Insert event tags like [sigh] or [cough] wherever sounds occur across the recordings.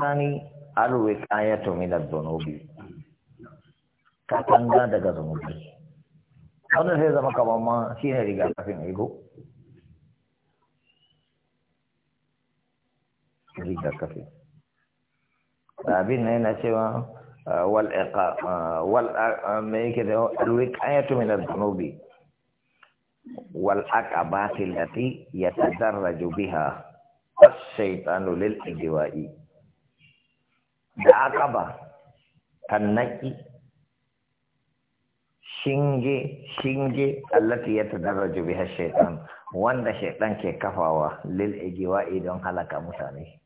الثاني الوقاية من الذنوب كتنة دقا ذنوب أنا سيدا ما كواما سينا ريقا كفين إيبو ريقا كفين أبين نينا سيوا والإقاء والأميكة الوقاية من الذنوب والأقابات التي يتدرج بها الشيطان للإجوائي da akaba tannaki shinge shinge allati yatadarraju biha shaytan wanda shaytan ke kafawa lil ejiwa idan halaka mutane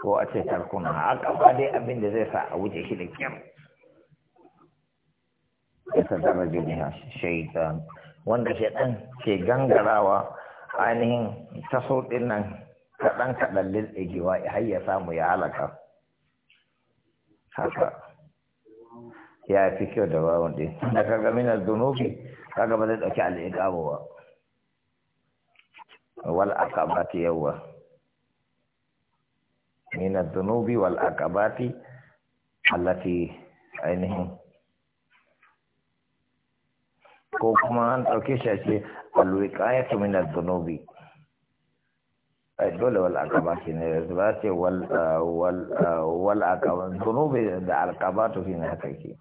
ko a ce tarkuna akaba dai abin da zai sa a wuce shi da kyau yatadarraju biha shaytan wanda shaytan ke gangarawa ainihin taso din nan kaɗan kaɗan lil'igewa har ya samu ya halaka haka ya fi kyau da wawan ɗin da kaga minar zunubi kaga ba zai ɗauki al'iƙamu ba wal akabati yawa minar zunubi wal akabati allati ainihin ko kuma an ɗauke shi a ce alwiƙayatu minar zunubi dole wal akaba shi ne ba ce wal akaba ah, ah, wal aqaba zunubi da alqabatu fi haka kake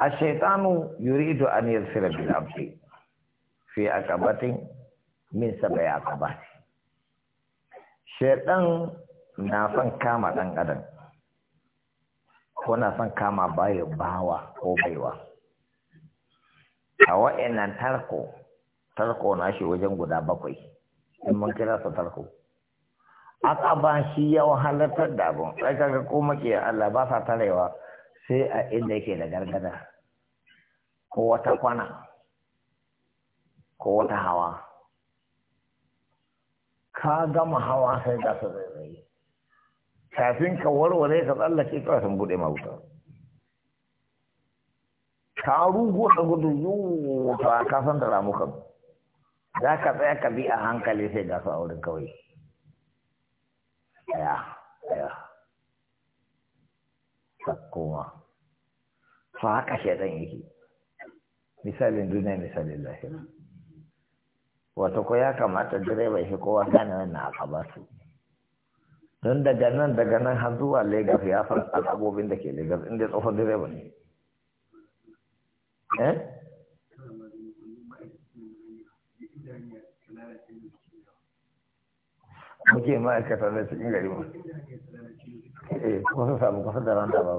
A shaitanu yuridu an yasira bil abdi fi aqabatin min saba ya aqabati shaytan na son kama dan adam ko na son kama bayo bawa ko baiwa a wa'annan tarko tarko na shi wajen guda bakwai in mun kira sa tarko aqaba shi ya wahalatar da abun sai kaga ko maki Allah ba sa tarewa sai a inda yake da gargada ko wata kwana ko wata hawa ka gama hawa sai da su zai kafin ka warware ka tsallake kawai sun bude mawuta ka rugu da gudu yiwu ta kasan da ramukan za ka tsaya ka bi a hankali sai ga su a wurin kawai ya ɗaya koma fa haka shaidan yake misalin duniya misalin lahira wato ko ya kamata direba shi kowa gane wannan a ba su don daga nan daga nan har zuwa lagos ya san al'abobin da ke lagos inda tsohon direba ne eh muke ma'aikata da cikin gari mu eh kuma su samu kusa da ranta ba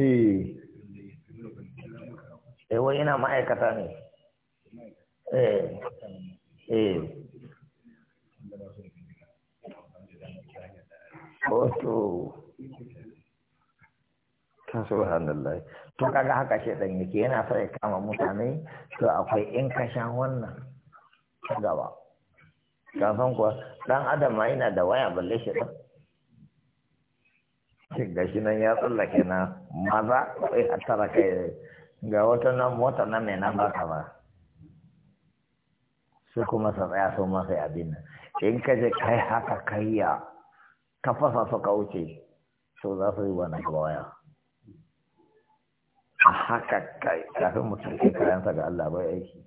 eh eh wai yana ma'aikata ne eh eh Oto, ta subhanallah to kaga haka shedan yake yana sa ya kama mutane to akwai in kashan wannan ta gaba kafin kuwa dan adam ma yana da waya balle shi ɗan ga shi nan ya tsallake na maza kai a tara kai ga wata nan mota nan mai nan baka ba su kuma sa tsaya sau masa abin nan in ka je kai haka kayya ka fasa su ka wuce so za su yi wani waya a haka kai kafin mutum ke kayansa ga Allah bai aiki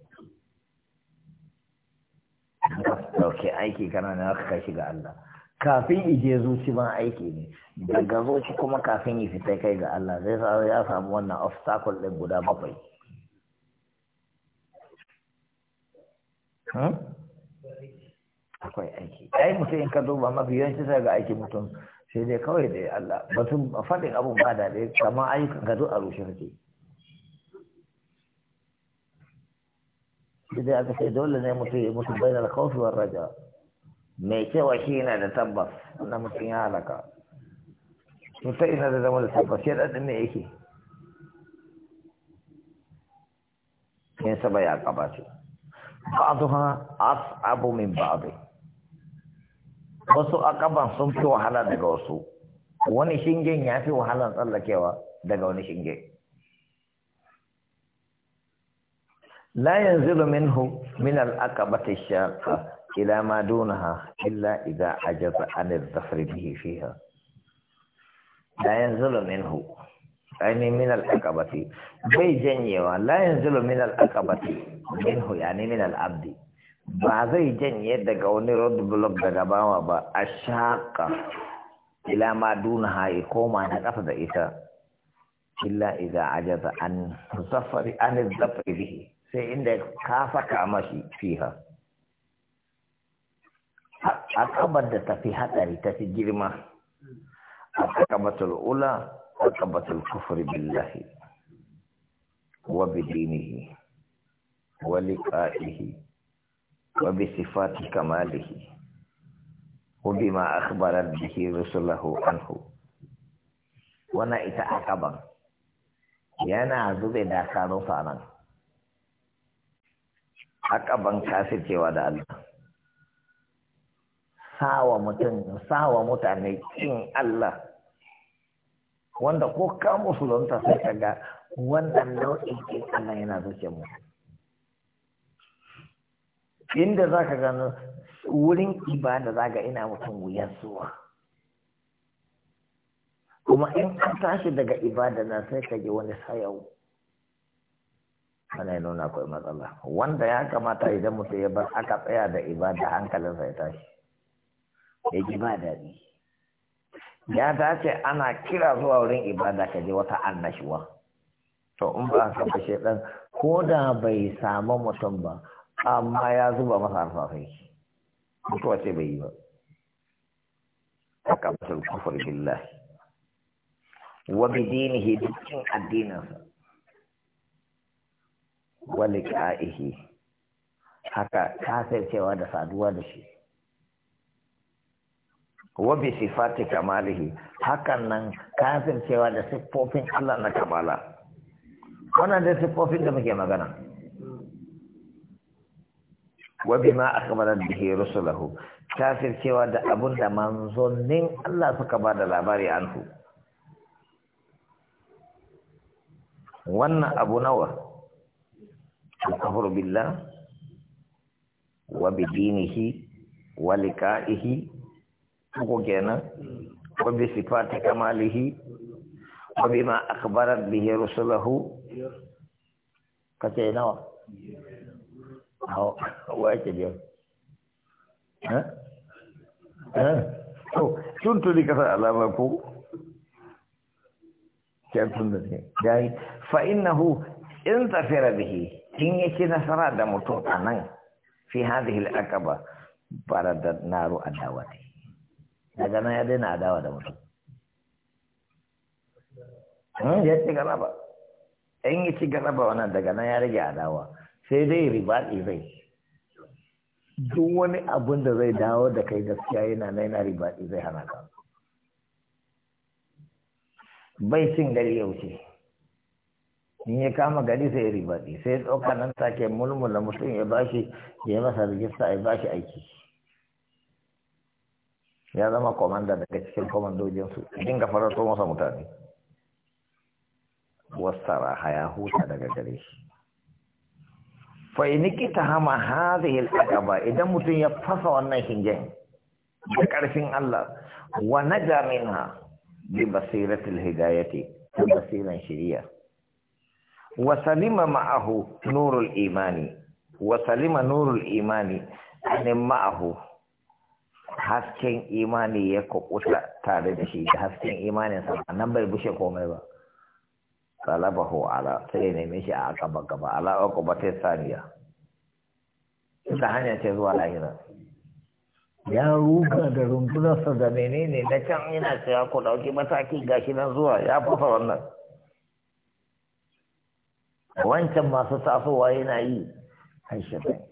ɗauki aiki kana na ka kashi ga Allah kafin ije zuci ban aiki ne daga zuci kuma kafin yi fita kai ga Allah zai sa ya samu wannan obstacle ɗin guda bakwai hmm? akwai aiki ai mutum in ka duba mafi yawanci sai ga aiki mutum sai dai kawai da Allah batun faɗin abun ba da dai kamar ayyukan ka zo a rushe suke sai aka ce dole ne mutu ya mutu bai da kawfi wa raja mai cewa shi yana da tabbas na mutum ya halaka to ta ina da zama da tabbas ya daɗin ne yake yin saba ya ƙaba ce ba'aduha abu min ba ba'adu wasu akaban sun fi wahala daga wasu wani shingen ya fi wahalan tsallakewa daga wani shingen لا ينزل منه من العقبة الشاقة إلى ما دونها إلا إذا عجز عن الظفر به فيها لا ينزل منه يعني من العقبة بي جنيوا لا ينزل من العقبة منه يعني من العبد بعضي جنيه دقوني رد بلوك road وابا الشاقة إلى ما دونها يقوم عن ma إذا إلا إذا na عن الظفر ita illa idan sai inda ka saka mashi fiha akabar da tafi hadari fi girma A akabatul ula akabatul kufri billahi wa bidinihi wa liƙa'ihi, wa bi sifati kamalihi wa ma akhbarat bihi rusulahu anhu wana ita akaban yana zube da karun sanan haka ban cewa da Allah sawa mutum sawa mutane kin Allah wanda ko ka musulunta sai ka ga wannan nau'in kin Allah yana zuke mu inda za ka gano wurin ibada za ga ina mutum wuyar zuwa kuma in ka tashi daga ibada na sai ka ji wani sayau ana nuna akwai matsala wanda ya kamata idan mutum ya bar aka tsaya da ibada hankalinsa ya tashi ya ji ba daɗi ya dace ana kira zuwa wurin ibada ka je wata annashuwa to in ba ka fashe ɗan ko da bai samu mutum ba amma ya zuba masa alfafai mutuwa ce bai yi ba haka masul kufur billahi wa bidinihi dukkan addininsa wani ka'ihi haka cewa da saduwa da shi wa bi sifati kamalihi hakan nan cewa da siffofin Allah na kamala wannan da siffofin da muke magana wa bima da bihi rusuluhu kafircewa da abun da manzonin Allah suka ba da labari su wannan abu nawa الكفر بالله وبدينه ولقائه وكنا وبصفات كماله وبما أخبرت به رسله كتينا أو واجب ها ها to tun tuni kasar alama ko kyan tun da ne yayi fa innahu in tafira bihi in yi nasara da mutum a nan fi hadhihi al-aqaba da naru adawati daga nan ya daina adawa da mutum hmm, ya ci galaba in ya ci galaba wannan daga nan ya rage adawa sai dai ribaɗi zai duk wani abun da zai dawo da kai gaskiya yana na yana ribaɗi zai hana ka bai cin gari yau ce in ya kama gari sai ya ribaɗi sai ya ɗauka nan take mulmula mutum ya bashi ya masa rijista ya shi aiki ya zama komanda daga cikin komandojinsu dinga farauto masa mutane wasara haya huta daga gare shi fa iniki ta hama hadhihi al ba idan mutum ya fasa wannan shingen da karfin Allah wa na jami'a bi basiratil hidayati basiran shari'a Wasalima ma'ahu nurul imani wasalima nurul imani ne ma'ahu hasken imani ya kukuta tare da shi da hasken imanin sa nan bai bushe komai ba salabahu ala sai neme shi a gaba gaba ala ba ta saniya ta hanya ce zuwa lahira ya ruga da rundunarsa da menene na can yana cewa ku dauki mataki gashi nan zuwa ya fasa wannan wancan masu tasowa yana yi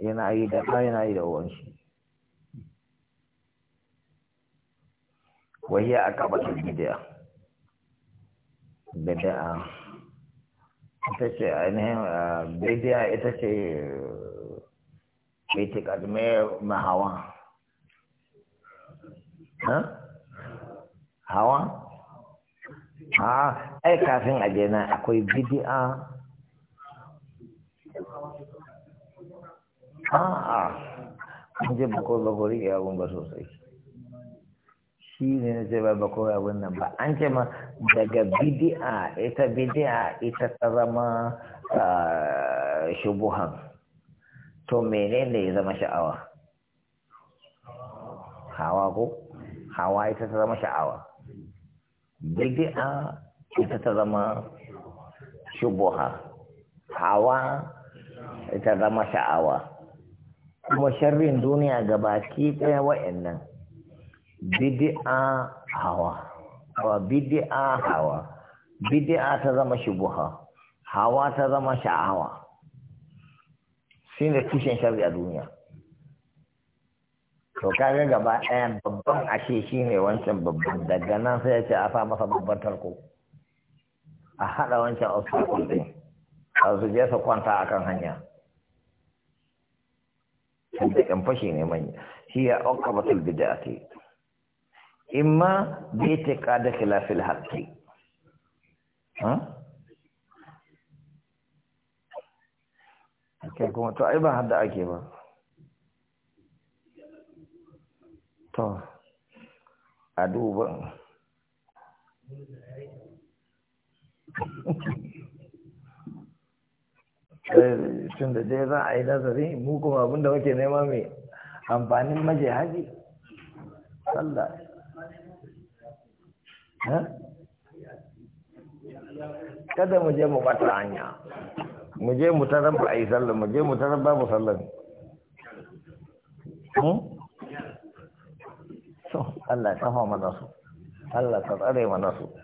yana yi da ɗa yana yi da uwanshi wahiyar a kabatar bidiya bidiya ita ce ainihin bidiya ita ce itikad mai mahawa hawa a ai kafin a akwai bidiya a'a an je bako bakori ya abun ba sosai shi ne na ce ba bako abun nan ba an ce ma daga bidi'a ita bidi'a ita ta zama shubuhan to menene ya zama sha'awa hawa ko hawa ita ta zama sha'awa bidi'a ita ta zama shubuha hawa ita zama sha'awa kuma sharrin duniya ga baki ɗaya wa'annan bid'a hawa wa bid'a hawa bid'a ta zama shubuha hawa ta zama sha'awa shi ne tushen sharri a duniya to kaga gaba ɗaya babban ashe shi ne wancan babban daga nan sai ya ce a sa masa babban tarko a haɗa wancan obstacle ɗin a su je su kwanta akan hanya tunda yan fashi ne manya shi ya bid'ati imma bi da khilafil haqqi ha kai kuma to ai ba hadda ake ba to a duba [laughs] Eh, tun da dai za a yi nazari mu kuma abinda muke nema mai amfanin maje haji sallah kada mu je mu bata hanya mu je mu tara ba a yi sallah mu je mu tara ba mu sallah hmm? so Allah ya tafa mana su Allah ka tsare mana su